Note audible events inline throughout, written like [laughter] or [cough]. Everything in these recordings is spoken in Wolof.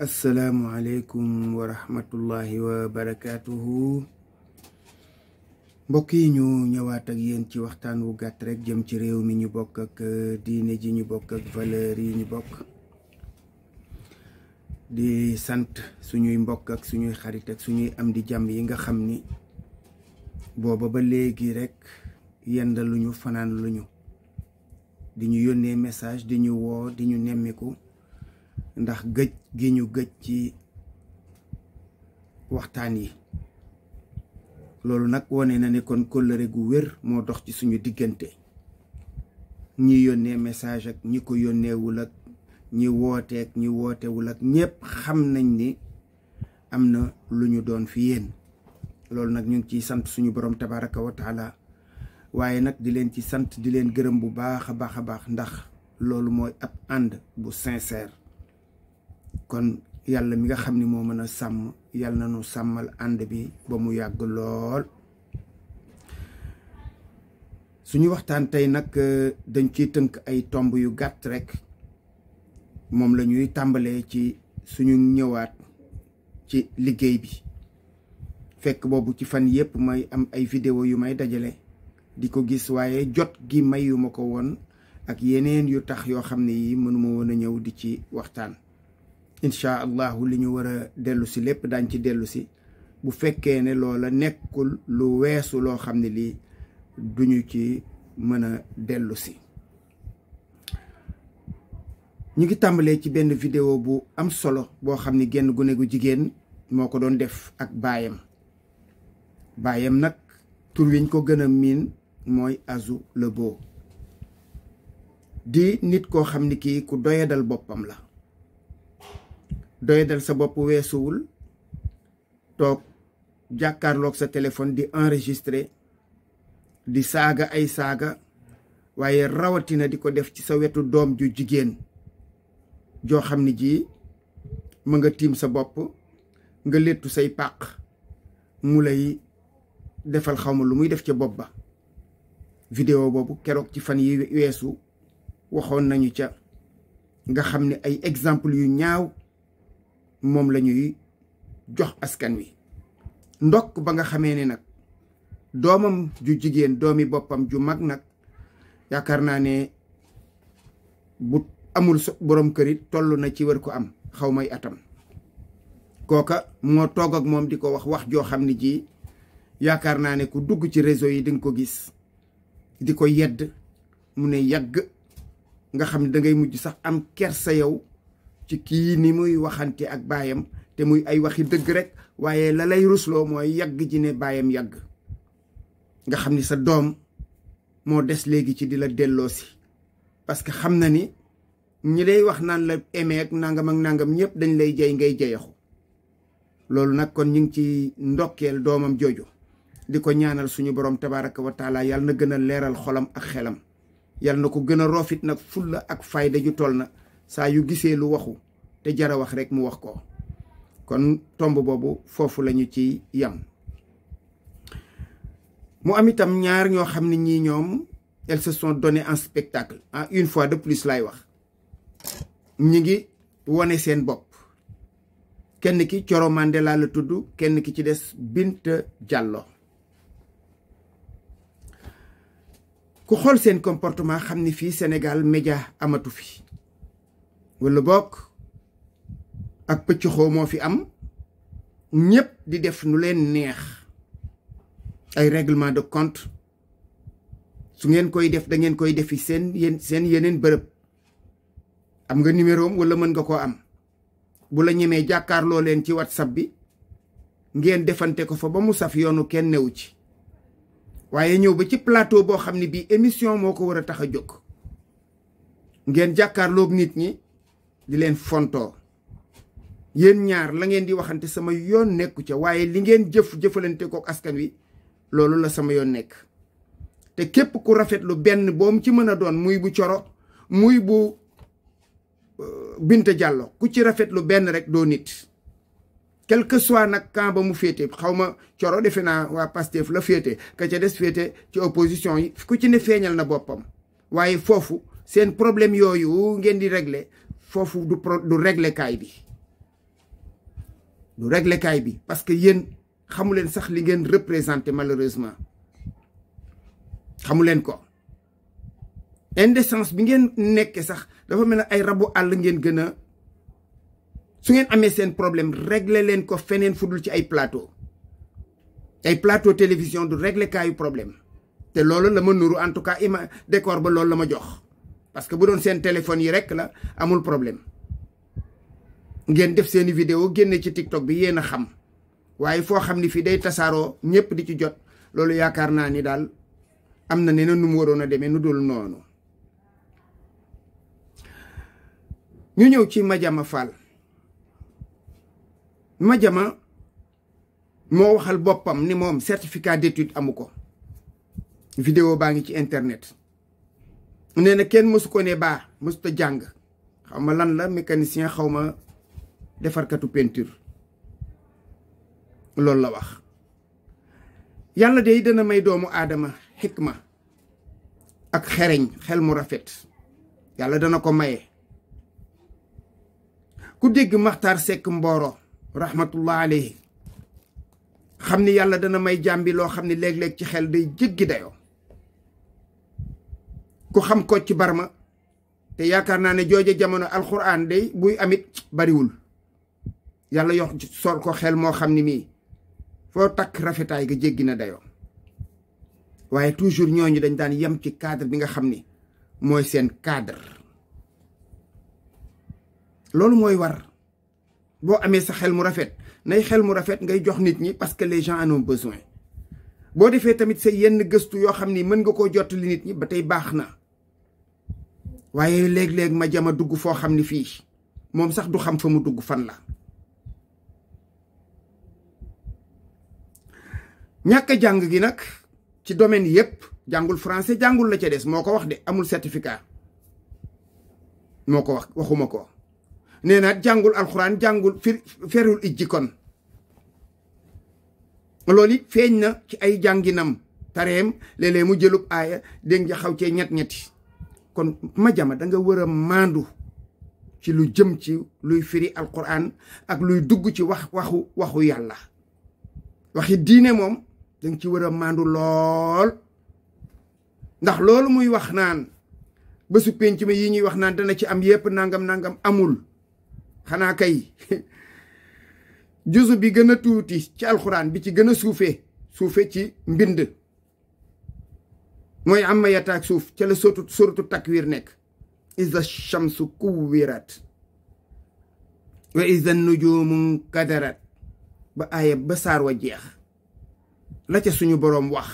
asalaamualeykum wa rahmatullahi wa barakaatuhu mbokk yi ñu ñëwaat ak yéen ci waxtaan wu gàtt rekk jëm ci réew mi ñu bokk ak euh, diine ji ñu bokk ak valeur yi ñu bokk di sant suñuy mbokk ak suñuy xarit ak suñuy am di jàmm yi nga xam ni booba ba léegi rekk rek yendaluñu fanaan luñu di ñu yónnee message di ñu woo di ñu nemmiku ndax gëj gi ñu gëj ci waxtaan yi loolu nag wone na ne kon kóllëre gu wér moo dox ci suñu diggante ñi yónnee message ak ñi ko yónneewul ak ñi wooteek ñi wootewul ak ñépp xam nañ ni am na lu ñu doon fi yéen loolu nag ñu ngi ciy sant suñu borom tabaraka wa waaye nag di leen ci sant di leen gërëm bu baax a baax a baax ndax loolu mooy ab ànd bu sincère kon yàlla mi nga xam ni moo mën a sàmm yàlla na nu sàmmal ànd bi ba mu yàgg lool suñu waxtaan tey nag euh, dañ ci tënk ay tomb yu gàtt rek moom lañuy tàmbalee ci suñu ñëwaat ci liggéey bi fekk boobu ci fan yépp may am ay vidéo yu may dajale di ko gis waaye jot gi mayu ma ko won ak yeneen yu tax yoo xam ne yi mënuma won a ñëw di ci waxtaan incha allahu li ñu war a dellu lépp daañ ci dellusi bu fekkee ne loola nekkul lu weesu loo xam ne lii duñu ci mën a dellu ñu ngi tàmbalee ci benn vidéo bu am solo boo xam ni genn gune gu jigéen moo ko doon def ak baayam baayam nag tur wiñ ko gën a miin mooy Azou le Beau di nit koo xam ni kii ku doyadal boppam la doyadal sa bopp weesuwul toog jàkkaarloog sa téléphone di enregistrer di saaga ay saaga waaye rawatina di ko def ci sa wetu doom ju jigéen joo xam ne ji ma nga tiim sa bopp nga léttu say pàq mu lay defal xawma lu muy def ca bopp ba vidéo boobu keroog ci fan yi weesu waxoon nañu ca nga xam ne ay exemple yu ñaaw moom lañuy jox askan wi ndokk ba nga xamee ne nag doomam ju jigéen doomi boppam ju mag nag yaakaar naa ne bu amul borom kër it toll na ci wër ko am xaw may atam kooka moo toog ak moom di ko wax wax joo xam ne ji yaakaar naa ne ku dugg ci réseau yi di nga ko gis di ko yedd mu ne yàgg nga xam ne dangay mujj sax am sa yow ci kii ni muy waxante ak baayam te muy ay waxi dëgg rekk waaye lalay rusloo mooy yàgg ji ne baayam yàgg nga xam ni sa doom moo des léegi ci di la delloosi parce que xam na ni ñi lay wax naan la emee ak nangam ak nangam ñëpp dañ lay jay ngay jayaxu loolu nag kon ñu ngi ci ndokkeel doomam jooju di ko ñaanal suñu borom tabaraka wa taala na gën a leeral xolam ak xelam yàlla na ko gën roofit nag fulla ak fayda ju toll na saa yu gisee lu waxu te jara wax rek mu wax ko kon tomb boobu foofu lañu ci yam mu am itam ñaar ñoo xam ne ñii ñoom elles se sont données en spectacle ah une fois de plus laay wax ñi ngi wone seen bopp kenn ki coromande Mandela la tudd kenn ki ci des Binta jàlloo ku xool seen comportement xam ni fii senegal média amatu fi wala bokk ak pëccxoo moo fi am ñëpp di def nu leen neex ay règlement de compte su ngeen koy def dangeen ngeen koy defi seen yéen seen yeneen bërëb am nga numéro am wala mën nga koo am bu la ñemee jàkkaarloo leen ci wat sab bi ngeen defante ko fa ba mu saf yoonu kenn newu ci waaye ñëw ba ci plateau boo xam ne bii émission moo ko war a tax a jóg ngeen jàkkaarloog nit ñi di leen fontoo yéen ñaar la ngeen di waxante sama yoon nekku ca waaye li ngeen jëf jëfalante ko askan wi loolu la sama yoon nekk te képp ku rafetlu benn boo mu ci mën a doon muy bu coro muy bu euh, Binta jàlloo ku ci rafetlu benn rek doo nit quel que nag camp ba mu féete xaw ma coro defe naa waa Pastef la féete ka ca des féete ci opposition yi ku ci ne feeñal na boppam waaye foofu seen problème yooyu ngeen di régler foofu du pro du réglekaay bi du reglekaay bi parce que yéen xamuleen sax li ngeen représenté malheureusement xamuleen ko indécence bi ngeen nekkee sax dafa mel ne ay rabu àll ngeen gën a su ngeen amee seen problème régler leen ko feneen fu dul ci ay plateau ay plateau télévision du réglekaayu problème te loolu la ma nuru en tout cas ima décor ba loolu la ma jox parce que bu doon seen téléphone yi rek la amul problème ngeen def seeni vidéo génne ci TikTok bi yéen a xam waaye foo xam ni fii day tasaaroo ñëpp di ci jot loolu yaakaar naa ni daal am na neneen nu mu waroon a demee nu dul noonu ñu ñëw ci Madiama Fall Madiama moo waxal boppam ni moom certificat d'étude amu ko vidéo baa ngi ci internet nee na kenn mësu ko ne baa mësuta jàng xaw ma lan la mécanicien xaw ma defarkatu peinture loolu la wax yàlla day dana may doomu aadama xikma ak xereñ xel mu rafet yàlla dana ko maye ku dégg maxtar sekk mbooro rahmatullah alayhi xam ni yàlla dana may jàmbi loo xam ni léeg-léeg ci xel day jëggi dayoo ku xam ko ci barma te yaakaar naa ne jooje jamono alxuraan day buy amit bariwul yàlla yox sol ko xel moo xam ni mii foo takk rafetaay ga jéggi na dayoo waaye toujours ñooñu dañ daan yem ci cadre bi nga xam ni mooy seen cadre loolu mooy war boo amee sa xel mu rafet nay xel mu rafet ngay jox nit ñi parce que les gens en boo defee tamit sa yenn gëstu yoo xam ni mën nga koo jot li nit ñi ba tey baax na waaye léeg-léeg ma jama dugg foo xam ne fii moom sax du xam fa mu dugg fan la ñàkka jàng gi nag ci domaine yépp jàngul français jàngul la ca des moo ko wax de amul certificat moo ko wax waxuma ko nee na jàngul alxuraan jàngul fir ferul ijji kon loolu it feeñ na ci ay jànginam tareem léeg mu jëlub aaya dégg nga xaw cee ñett ñetti kon majama danga da nga war a maandu ci lu jëm ci luy firi alquraan ak luy dugg ci wax waxu waxu yàlla waxi diine moom danga ci war a maandu lool ndax loolu muy wax naan bésu penc mi yi ñuy wax naan dana ci am yépp nangam nangam amul xanaa kay [laughs] jusu bi gëna a tuuti ci alxuraan bi ci gën a suufe suufe ci mbind mooy am mayata ak suuf ca la sootu sóoratu takwir nekk iza shamsu kuwirat wa iza nujumu kadarat ba aaya ba saar wa jeex la ca suñu boroom wax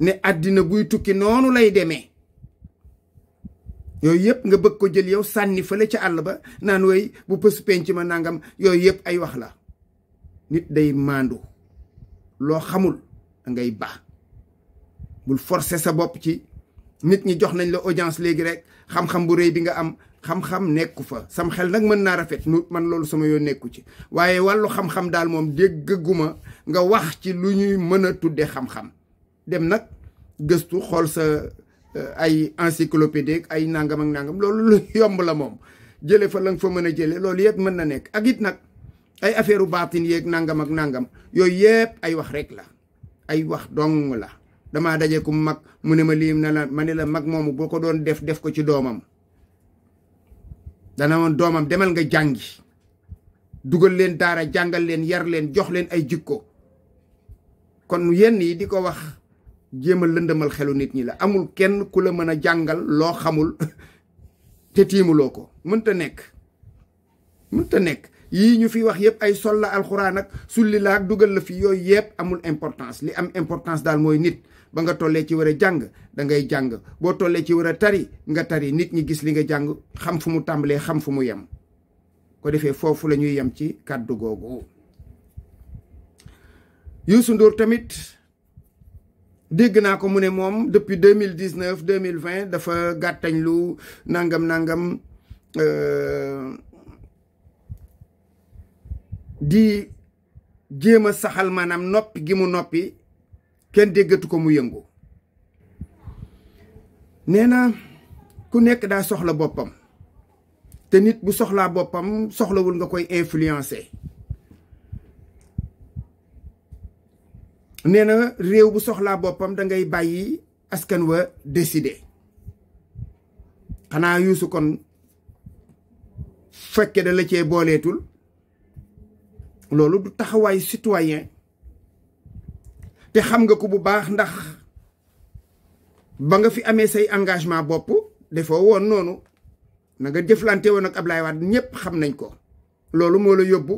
ne àddina buy tukki noonu lay demee yooyu yëpp nga bëgg ko jël yow sànni fële ca àll ba naan way bu pësu penc ma nangam yooyu yëpp ay wax la nit day maandu loo xamul da ngay baax bul forcer sa bopp ci nit ñi jox nañ la audience léegi rek xam-xam bu rëy bi nga am xam-xam nekku fa sam xel nag mën naa rafet nu man loolu sama yoon nekku ci waaye wàllu xam-xam daal moom déggaguma nga wax ci lu ñuy mën a tuddee xam-xam dem nag gëstu xool sa euh, ay encyclopédie ay nangam ak nangam loolu lu yomb la moom jële fa la nga fa mën a jële loolu yëpp mën na nekk ak it nag ay affaire u baatin yeeg nangam ak nangam yooyu yëpp ay wax rek la ay wax dong la damaa daje ku mag mu ne ma lii ne la ma ne la mag moomu boo ko doon def def ko ci doomam dana woon doomam demal nga jàngi dugal leen daara jàngal leen yar leen jox leen ay jikko kon yenn yi di ko wax jéem a lëndëmal xelu nit ñi la amul kenn ku la mën a jàngal loo xamul [laughs] te tiimuloo ko mënta nekk mënta nekk yii ñu fi wax yëpp ay sol la alxuraan ak sulli la ak dugal la fi yooyu yëpp amul importance li am importance daal mooy nit ba nga tollee ci war a jàng da ngay jàng boo tollee ci war a tari nga tari nit ñi gis li nga jàng xam fu mu tàmbalee xam fu mu yem ko defee foofu la ñuy yem ci kàddu googu Youssou Ndour tamit dégg naa ko mu ne moom depuis deux mille dix neuf deux mille vingt dafa gàttañ lu nangam nangam euh, di jéem a saxal maanaam noppi gi mu noppi kenn déggatu ko mu yëngu nee na ku nekk daa soxla boppam te nit bu soxlaa boppam soxlawul nga koy influencer nee na réew bu soxlaa boppam da ngay bàyyi askan wa décider xanaa yuusu kon fekke da la cee booleetul loolu du taxawaay citoyen te xam nga ko bu baax ndax ba nga fi amee say engagement bopp defoo woon noonu na nga jëflante woon ak Ablaye Wade ñëpp xam nañ ko loolu moo la yóbbu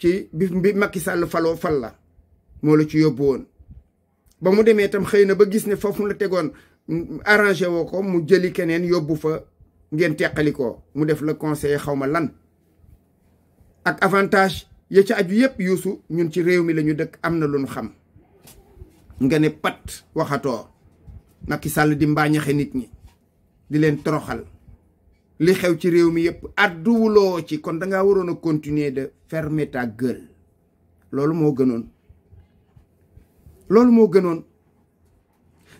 ci bi bi Macky sàll faloo fal la moo la ci yóbbu woon ba mu demee itam xëy na ba gis ne foofu la tegoon arrangé woo ko mu jëli keneen yóbbu fa ngeen teqali mu def la conseiller xawma lan ak avantage ya ca aju yëpp yuusu ñun ci réew mi la ñu dëkk am na lu ñu xam nga ne pat waxatoo Macky sàll di mbaañaxe nit ñi di leen toroxal li xew ci réew mi yëpp adduwuloo ci kon danga waroon a continuer de fermer ta loolu moo gënoon loolu moo gënoon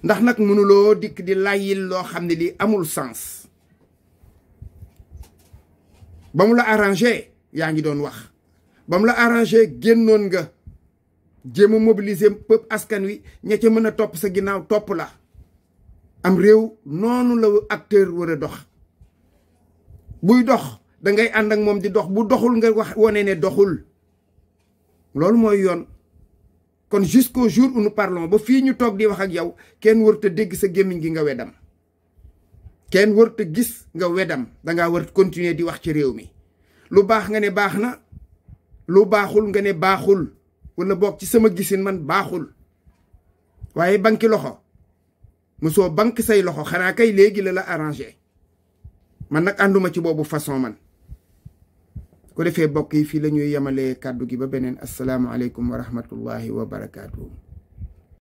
ndax nag mënuloo dikk di layyil loo xam ne lii amul sens ba mu la arrangé yaa ngi doon wax ba mu la arrangé génnoon nga jéem a mobiliser peuple askan wi ña ca mën a topp sa ginnaaw topp la am réew noonu la acteur war a dox buy dox dangay ànd ak moom di dox bu doxul nga wax wane ne doxul loolu mooy yoon kon jusqu'au jour où nous ba fii ñu toog di wax ak yow kenn warut a dégg sa gémmiñ gi nga weddam kenn warut gis nga weddam dangaa war continuer di wax ci réew mi lu baax nga ne baax na lu baaxul nga ne baaxul wala bokk ci sama gisin man baaxul waaye banki loxo mosoo bank say loxo xanaa kay léegi la la arrangé man nag ànduma ci boobu façon man ko defee bokk yi fii la ñuy yemalee kàddu gi ba beneen asalaamualeykum wa rahmatullahi wa barakaatu.